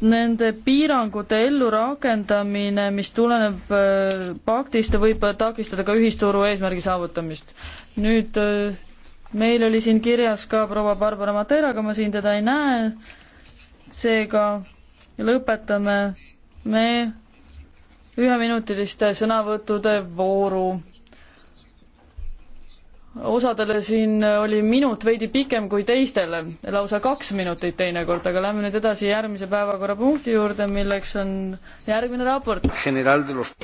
nende piirangute ellurakendamine, mis tuleneb äh, paktist, võib takistada ka ühisturu eesmärgi saavutamist. nüüd äh, meil oli siin kirjas ka proua Barbara Matera, aga ma siin teda ei näe, seega lõpetame me üheminutiliste sõnavõttude vooru osadele siin oli minut veidi pikem kui teistele, lausa kaks minutit teinekord, aga lähme nüüd edasi järgmise päevakorrapunkti juurde, milleks on järgmine raport.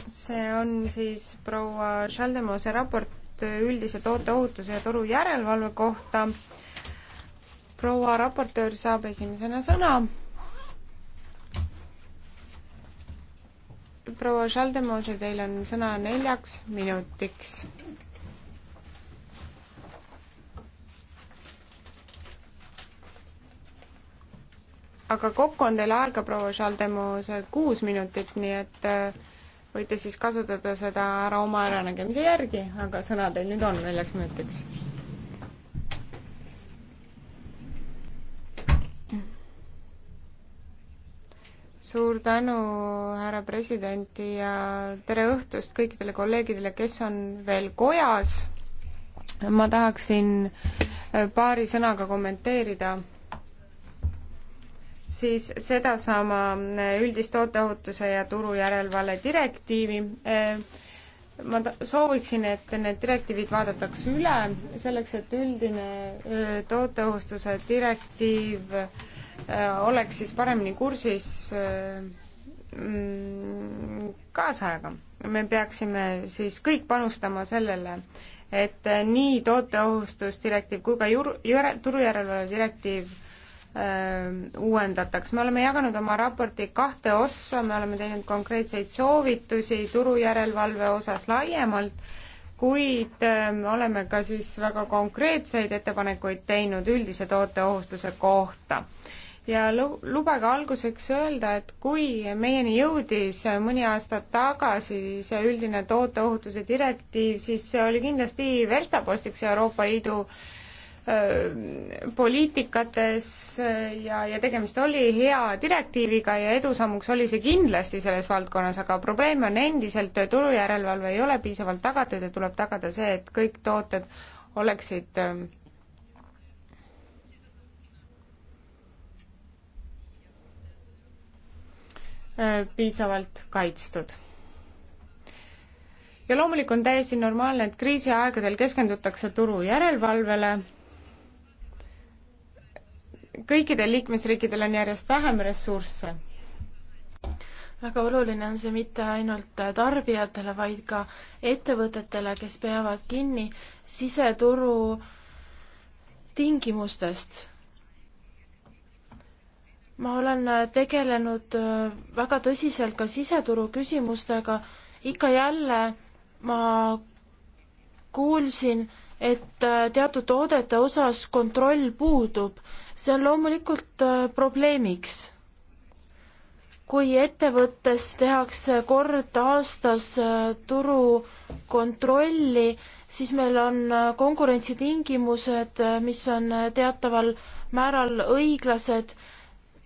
see on siis proua Schaldemose raport üldise tooteohutuse ja toru järelevalve kohta. proua raportöör saab esimesena sõna. proua Schaldemose, teil on sõna neljaks minutiks aga kokku on teil aega, proua Šaldemus, kuus minutit, nii et äh, võite siis kasutada seda ära oma äranägemise järgi, aga sõna teil nüüd on neljaks minutiks. suur tänu, härra president ja tere õhtust kõikidele kolleegidele, kes on veel kojas. ma tahaksin äh, paari sõnaga kommenteerida siis sedasama äh, üldist tooteohutuse ja turujärelevalve direktiivi. Äh, ma sooviksin, et need direktiivid vaadatakse üle selleks, et üldine äh, tooteohustuse direktiiv oleks siis paremini kursis mm, kaasajaga. me peaksime siis kõik panustama sellele, et nii tooteohutusdirektiiv kui ka jur-, jure-, turujärelevalve direktiiv Ähm, uuendataks. me oleme jaganud oma raporti kahte ossa, me oleme teinud konkreetseid soovitusi turujärelevalve osas laiemalt, kuid ähm, oleme ka siis väga konkreetseid ettepanekuid teinud üldise tooteohustuse kohta ja lubage alguseks öelda, et kui meieni jõudis mõni aasta tagasi see üldine tooteohutuse direktiiv, siis see oli kindlasti verstapostiks Euroopa Liidu Äh, poliitikates äh, ja, ja tegemist oli hea direktiiviga ja edusammuks oli see kindlasti selles valdkonnas, aga probleeme on endiselt, äh, turujärelevalve ei ole piisavalt tagatud ja tuleb tagada see, et kõik tooted oleksid piisavalt kaitstud ja loomulik on täiesti normaalne, et kriisiaegadel keskendutakse turu järelevalvele kõikidel liikmesriikidel on järjest vähem ressursse väga oluline on see mitte ainult tarbijatele, vaid ka ettevõtetele, kes peavad kinni siseturu tingimustest. ma olen tegelenud väga tõsiselt ka siseturu küsimustega, ikka jälle ma kuulsin, et äh, teatud toodete osas kontroll puudub. see on loomulikult äh, probleemiks. kui ettevõttes tehakse kord aastas äh, turukontrolli, siis meil on konkurentsitingimused, mis on teataval määral õiglased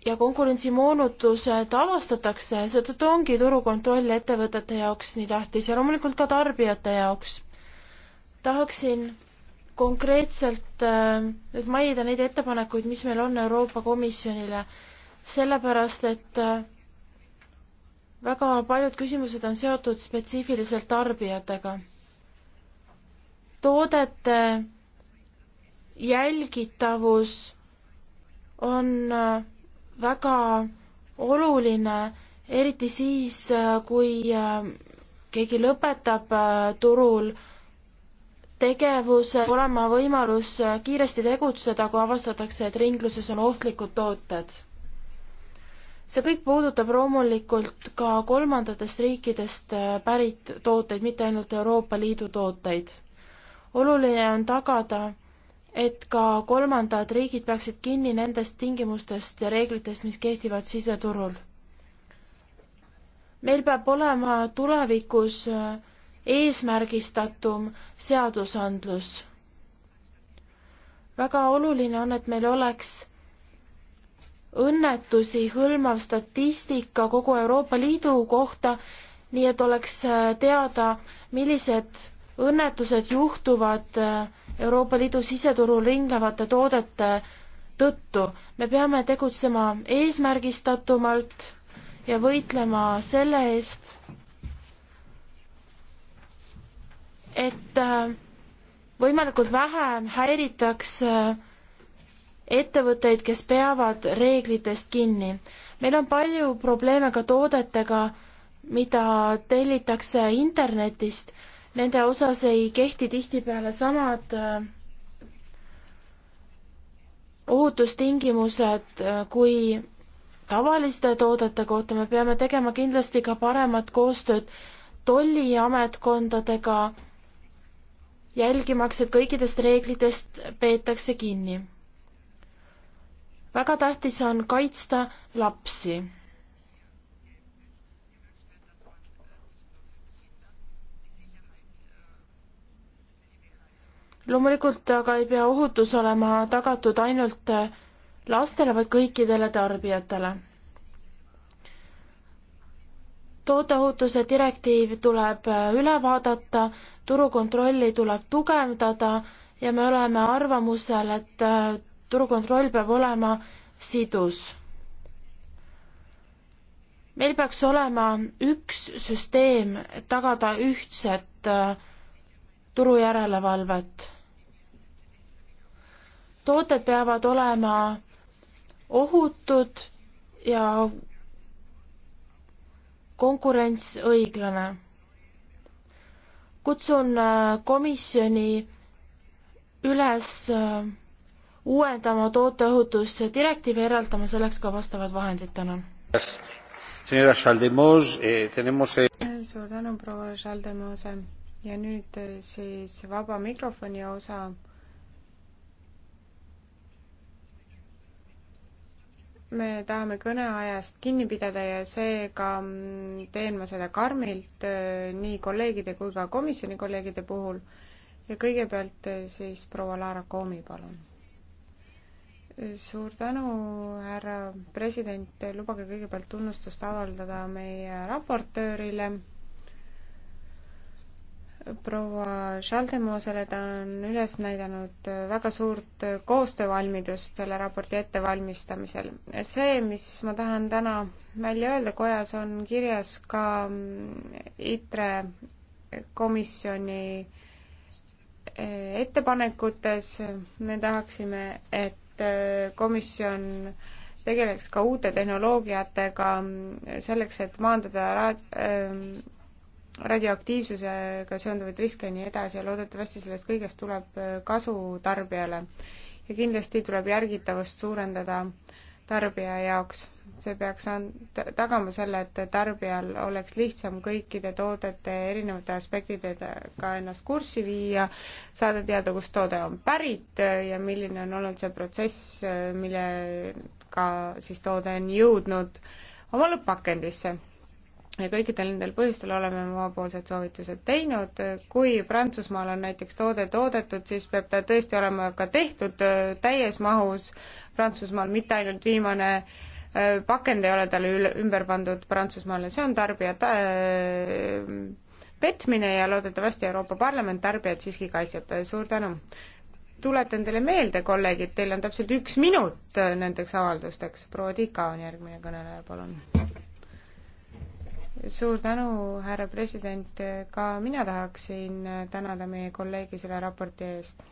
ja konkurentsimoonutused avastatakse, seetõttu ongi turukontroll ettevõtete jaoks nii tähtis ja loomulikult ka tarbijate jaoks. tahaksin konkreetselt nüüd äh, mainida neid ettepanekuid, mis meil on Euroopa Komisjonile, sellepärast et äh, väga paljud küsimused on seotud spetsiifiliselt tarbijatega. toodete jälgitavus on äh, väga oluline, eriti siis, kui keegi lõpetab turul äh, tegevus olema võimalus kiiresti tegutseda, kui avastatakse, et ringluses on ohtlikud tooted. see kõik puudutab loomulikult ka kolmandatest riikidest pärit tooteid, mitte ainult Euroopa Liidu tooteid. oluline on tagada, et ka kolmandad riigid peaksid kinni nendest tingimustest ja reeglitest, mis kehtivad siseturul. meil peab olema tulevikus äh, eesmärgistatum seadusandlus. väga oluline on, et meil oleks õnnetusi hõlmav statistika kogu Euroopa Liidu kohta, nii et oleks äh, teada, millised õnnetused juhtuvad äh, Euroopa Liidu siseturul ringlevate toodete tõttu. me peame tegutsema eesmärgistatumalt ja võitlema selle eest, et äh, võimalikult vähe häiritaks äh, ettevõtteid, kes peavad reeglitest kinni. meil on palju probleeme ka toodetega, mida tellitakse internetist, nende osas ei kehti tihtipeale samad äh, ohutustingimused kui tavaliste toodete kohta, me peame tegema kindlasti ka paremat koostööd tolliametkondadega jälgimaks, et kõikidest reeglitest peetakse kinni. väga tähtis on kaitsta lapsi. loomulikult aga ei pea ohutus olema tagatud ainult lastele, vaid kõikidele tarbijatele tooteohutuse direktiiv tuleb äh, üle vaadata, turukontrolli tuleb tugevdada ja me oleme arvamusel, et äh, turukontroll peab olema sidus. meil peaks olema üks süsteem, et tagada ühtset äh, turujärelevalvet. tooted peavad olema ohutud ja konkurents õiglane. kutsun äh, komisjoni üles äh, uuendama tooteohutusdirektiivi, eraldama selleks ka vastavad vahendid, tänan. Eh, eh, suur tänu, proua Šaldemose ja nüüd eh, siis vaba mikrofoni osa me tahame kõneajast kinni pidada ja seega mm, teen ma seda karmilt äh, nii kolleegide kui ka komisjoni kolleegide puhul. ja kõigepealt äh, siis proua Laara Koomi, palun. suur tänu, härra president, lubage kõigepealt tunnustust avaldada meie raportöörile proua Schaldemosele, ta on üles näidanud väga suurt koostöövalmidust selle raporti ettevalmistamisel. see, mis ma tahan täna välja öelda kojas, on kirjas ka mm, ITRE komisjoni eh, ettepanekutes. me tahaksime, et eh, komisjon tegeleks ka uute tehnoloogiatega selleks, et maandada ra-, eh, radioaktiivsusega seonduvaid riske ja nii edasi ja loodetavasti sellest kõigest tuleb äh, kasu tarbijale. ja kindlasti tuleb järgitavust suurendada tarbija jaoks. see peaks and-, tagama selle, et tarbijal oleks lihtsam kõikide toodete erinevate aspektidega ennast kurssi viia, saada teada, kust toode on pärit äh, ja milline on olnud see protsess, äh, millega siis toode on jõudnud oma lõpp-pakendisse kõikidel nendel põhjustel oleme omapoolsed soovitused teinud, kui Prantsusmaal on näiteks toode toodetud, siis peab ta tõesti olema ka tehtud äh, täies mahus Prantsusmaal, mitte ainult viimane äh, pakend ei ole talle üle, ümber pandud Prantsusmaale, see on tarbija ta, äh, petmine ja loodetavasti Euroopa Parlament tarbijat siiski kaitseb, suur tänu! tuletan teile meelde, kolleegid, teil on täpselt üks minut nendeks avaldusteks, proua Tiika on järgmine kõneleja, palun! suur tänu, härra president, ka mina tahaksin tänada meie kolleegi selle raporti eest.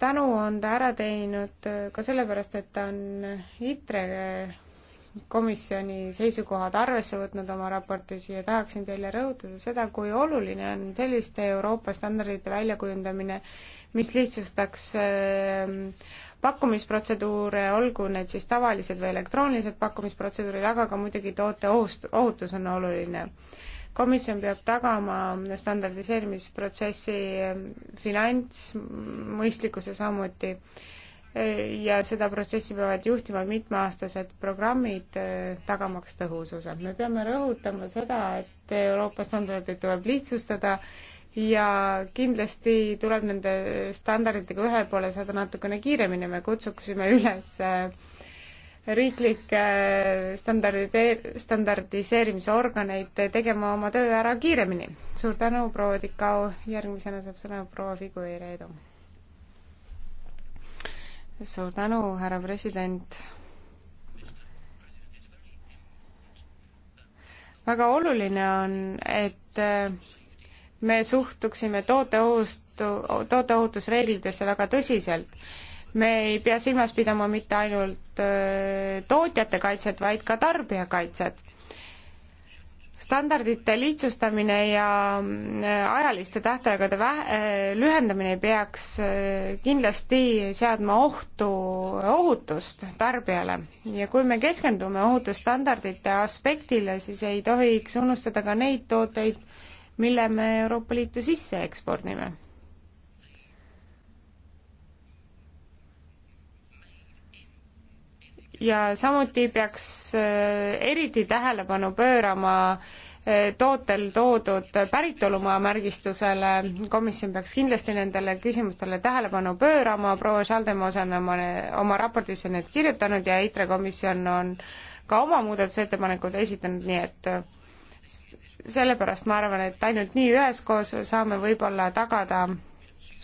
tänu on ta ära teinud ka sellepärast, et ta on ITRE komisjoni seisukohad arvesse võtnud oma raportis ja tahaksin teile rõhutada seda, kui oluline on selliste Euroopa standardite väljakujundamine, mis lihtsustaks äh, pakkumisprotseduure, olgu need siis tavalised või elektroonilised pakkumisprotseduurid, aga ka muidugi toote ohust, ohutus on oluline. komisjon peab tagama standardiseerimisprotsessi ehm, finantsmõistlikkuse samuti e, ja seda protsessi peavad juhtima mitmeaastased programmid, e, tagamaks tõhususe. me peame rõhutama seda, et Euroopa standardeid tuleb lihtsustada ja kindlasti tuleb nende standarditega ühele poole saada natukene kiiremini, me kutsuksime üles äh, riiklikke äh, standardide-, standardiseerimisorganeid tegema oma töö ära kiiremini. suur tänu, proua Tikau, järgmisena saab sõna proua Figueiredo. suur tänu, härra president väga oluline on, et äh, me suhtuksime tooteohutu, tooteohutusreeglitesse väga tõsiselt. me ei pea silmas pidama mitte ainult tootjate kaitset, vaid ka tarbijakaitset. standardite lihtsustamine ja ajaliste tähtaegade vä-, lühendamine peaks kindlasti seadma ohtu ohutust tarbijale. ja kui me keskendume ohutusstandardite aspektile, siis ei tohiks unustada ka neid tooteid, mille me Euroopa Liitu sisse ekspordime. ja samuti peaks äh, eriti tähelepanu pöörama äh, tootel toodud päritolumaa märgistusele, komisjon peaks kindlasti nendele küsimustele tähelepanu pöörama, proua Šaldemos on oma, oma raportisse need kirjutanud ja EITRE komisjon on ka oma muudatusettepanekud esitanud, nii et äh, sellepärast ma arvan, et ainult nii üheskoos saame võib-olla tagada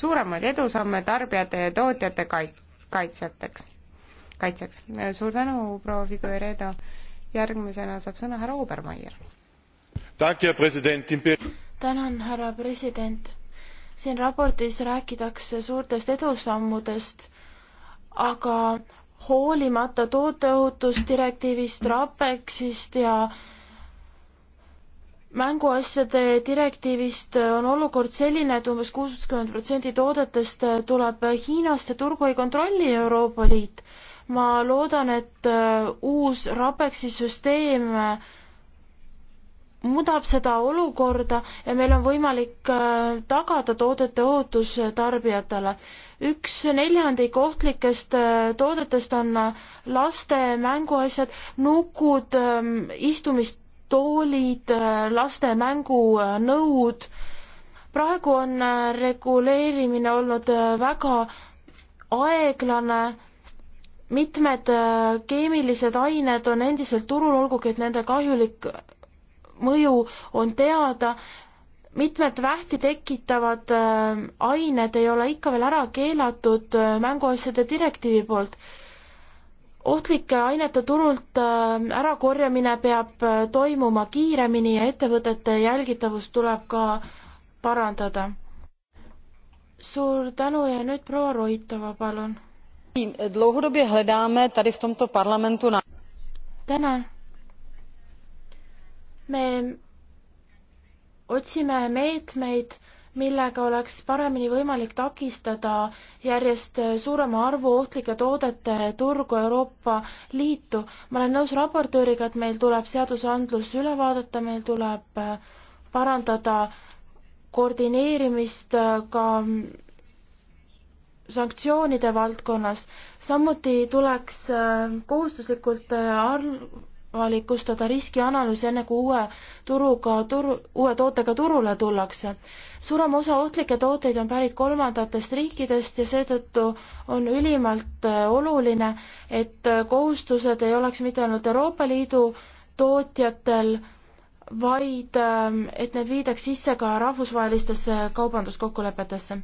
suuremaid edusamme tarbijate ja tootjate kait-, kaitsjateks, kaitseks. suur tänu, proua Figueredo. järgmisena saab sõna härra Obermeier. tänan, härra president. siin raportis räägitakse suurtest edusammudest, aga hoolimata tooteohutusdirektiivist, RAPEX-ist ja mänguasjade direktiivist on olukord selline, et umbes kuuskümmend protsenti toodetest tuleb Hiinast ja turgu ei kontrolli Euroopa Liit. ma loodan, et äh, uus Rapexi süsteem äh, muudab seda olukorda ja meil on võimalik äh, tagada toodete ootus tarbijatele. üks neljandik ohtlikest toodetest on laste mänguasjad, nukud, ähm, istumist toolid, äh, laste mängunõud. Äh, praegu on äh, reguleerimine olnud väga aeglane, mitmed keemilised ained on endiselt turul, olgugi et nende kahjulik mõju on teada, mitmed vähti tekitavad ained ei ole ikka veel ära keelatud mänguasjade direktiivi poolt ohtlike ainete turult äh, ärakorjamine peab äh, toimuma kiiremini ja ettevõtete jälgitavust tuleb ka parandada. suur tänu ja nüüd proua Roitova, palun. dlouhodobě hledáme tady v tomto parlamentu na... tänan. me otsime meetmeid meet,, millega oleks paremini võimalik takistada järjest suurema arvu ohtlike toodete turgu Euroopa Liitu. ma olen nõus raportööriga, et meil tuleb seadusandlus üle vaadata, meil tuleb parandada koordineerimist ka sanktsioonide valdkonnas, samuti tuleks kohustuslikult ar-, avalikustada riskianalüüs enne, kui uue turuga turu, uue tootega turule tullakse. suurem osa ohtlikke tooteid on pärit kolmandatest riikidest ja seetõttu on ülimalt äh, oluline, et äh, kohustused ei oleks mitte ainult Euroopa Liidu tootjatel, vaid ähm, et need viidaks sisse ka rahvusvahelistesse kaubanduskokkulepetesse.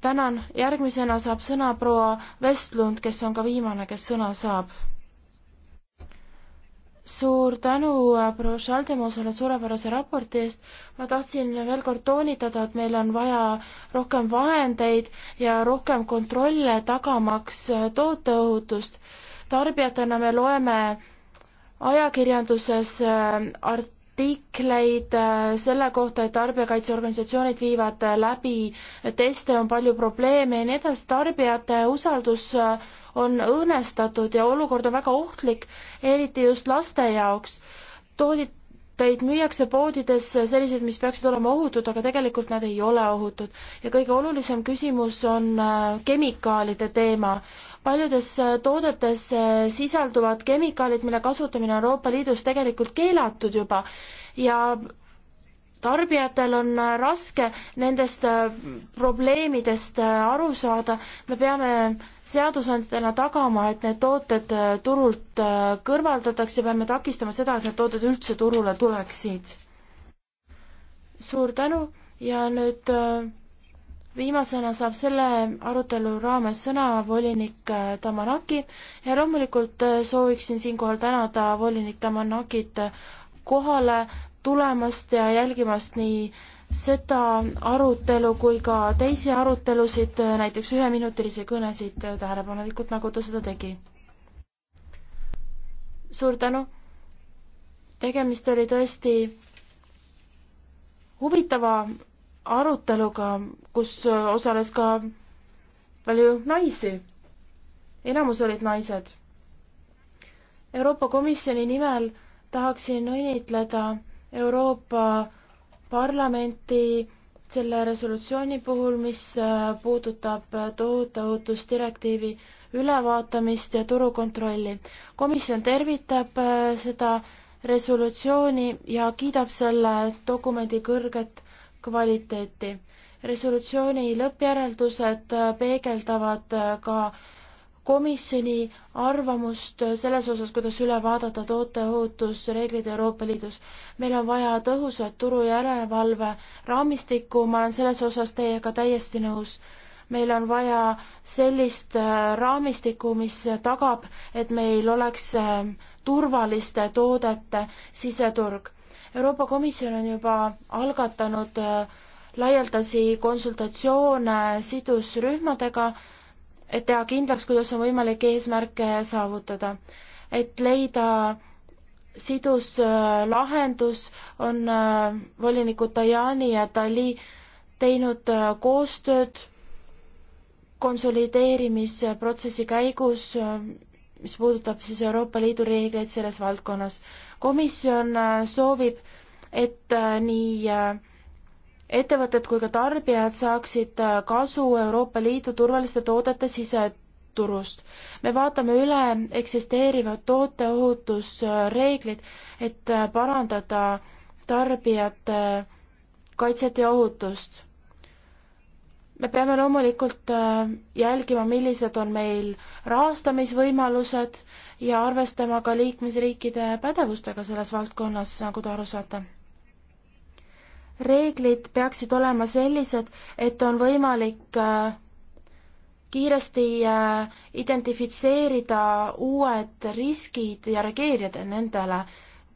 tänan, järgmisena saab sõna proua Vestlund, kes on ka viimane, kes sõna saab suur tänu äh, proua Šaldemosele suurepärase raporti eest. ma tahtsin veel kord toonitada, et meil on vaja rohkem vahendeid ja rohkem kontrolle tagamaks äh, tooteohutust. tarbijatena me loeme ajakirjanduses art-, äh, artikleid selle kohta, et tarbijakaitseorganisatsioonid viivad läbi teste, on palju probleeme ja nii edasi, tarbijate usaldus äh, on õõnestatud ja olukord on väga ohtlik, eriti just laste jaoks. tooditeid müüakse poodides selliseid, mis peaksid olema ohutud, aga tegelikult nad ei ole ohutud. ja kõige olulisem küsimus on äh, kemikaalide teema paljudes äh, toodetes äh, sisalduvad kemikaalid, mille kasutamine Euroopa Liidus tegelikult keelatud juba ja tarbijatel on äh, raske nendest äh, probleemidest äh, aru saada, me peame seadusandjatena tagama, et need tooted turult kõrvaldatakse, peame takistama seda, et need tooted üldse turule tuleksid. suur tänu ja nüüd viimasena saab selle arutelu raames sõna volinik Tamanaki ja loomulikult sooviksin siinkohal tänada volinik Tamanakit kohale tulemast ja jälgimast nii seda arutelu kui ka teisi arutelusid, näiteks üheminutilisi kõnesid tähelepanelikult, nagu ta seda tegi. suur tänu. tegemist oli tõesti huvitava aruteluga, kus osales ka palju naisi. enamus olid naised. Euroopa Komisjoni nimel tahaksin õnnitleda Euroopa Parlamenti selle resolutsiooni puhul, mis äh, puudutab äh, tooteohutusdirektiivi ülevaatamist ja turukontrolli. komisjon tervitab äh, seda resolutsiooni ja kiidab selle dokumendi kõrget kvaliteeti. resolutsiooni lõppjäreldused peegeldavad ka komisjoni arvamust selles osas, kuidas üle vaadata tooteohutusreeglid Euroopa Liidus. meil on vaja tõhusat turujärelevalve raamistikku, ma olen selles osas teiega täiesti nõus. meil on vaja sellist äh, raamistikku, mis tagab, et meil oleks äh, turvaliste toodete siseturg. Euroopa Komisjon on juba algatanud äh, laialdasi konsultatsioone sidusrühmadega et teha kindlaks, kuidas on võimalik eesmärke saavutada. et leida sidus äh, lahendus, on äh, volinikud Tajani ja Dali teinud äh, koostööd konsolideerimisprotsessi käigus, mis puudutab siis Euroopa Liidu reegleid selles valdkonnas. komisjon soovib, et nii ettevõtted kui ka tarbijad saaksid äh, kasu Euroopa Liidu turvaliste toodete siseturust. me vaatame üle eksisteerivad tooteohutusreeglid, et äh, parandada tarbijate äh, kaitset ja ohutust. me peame loomulikult jälgima, millised on meil rahastamisvõimalused ja arvestama ka liikmesriikide pädevustega selles valdkonnas, nagu te aru saate reeglid peaksid olema sellised, et on võimalik äh, kiiresti äh, identifitseerida uued riskid ja reageerida nendele,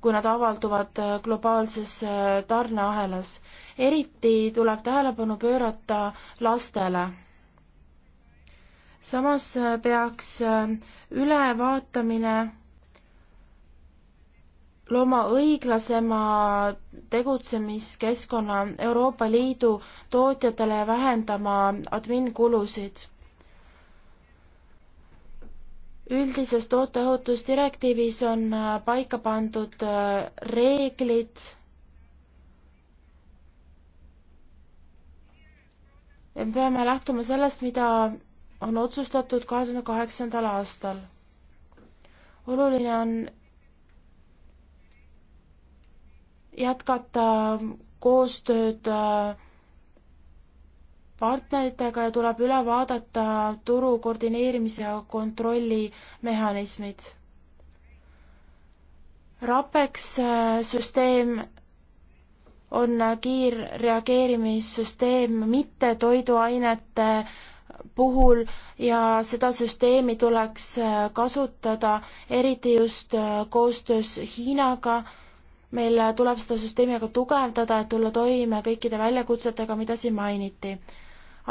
kui nad avalduvad äh, globaalses tarneahelas. eriti tuleb tähelepanu pöörata lastele. samas peaks ülevaatamine looma õiglasema tegutsemiskeskkonna Euroopa Liidu tootjatele ja vähendama adminkulusid. üldises tooteohutusdirektiivis on äh, paika pandud äh, reeglid ja me peame lähtuma sellest, mida on otsustatud kahe tuhande kaheksandal aastal. oluline on jätkata koostööd äh, partneritega ja tuleb üle vaadata turu koordineerimise ja kontrolli mehhanismid. RAPEX äh, süsteem on kiirreageerimissüsteem mitte toiduainete puhul ja seda süsteemi tuleks äh, kasutada eriti just koostöös Hiinaga meil tuleb seda süsteemi aga tugevdada, et tulla toime kõikide väljakutsetega, mida siin mainiti.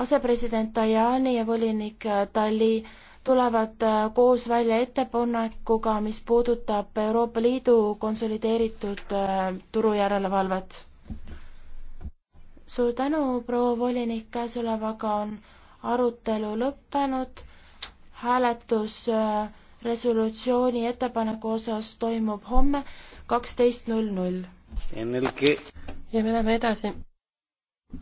asepresident Tajani ja volinik Tali tulevad äh, koos välja ettepanekuga, mis puudutab Euroopa Liidu konsolideeritud äh, turujärelevalvet. suur tänu, proua volinik, käesolevaga on arutelu lõppenud, hääletus äh, resolutsiooni ettepaneku osas toimub homme kaksteist null null. ja me läheme edasi.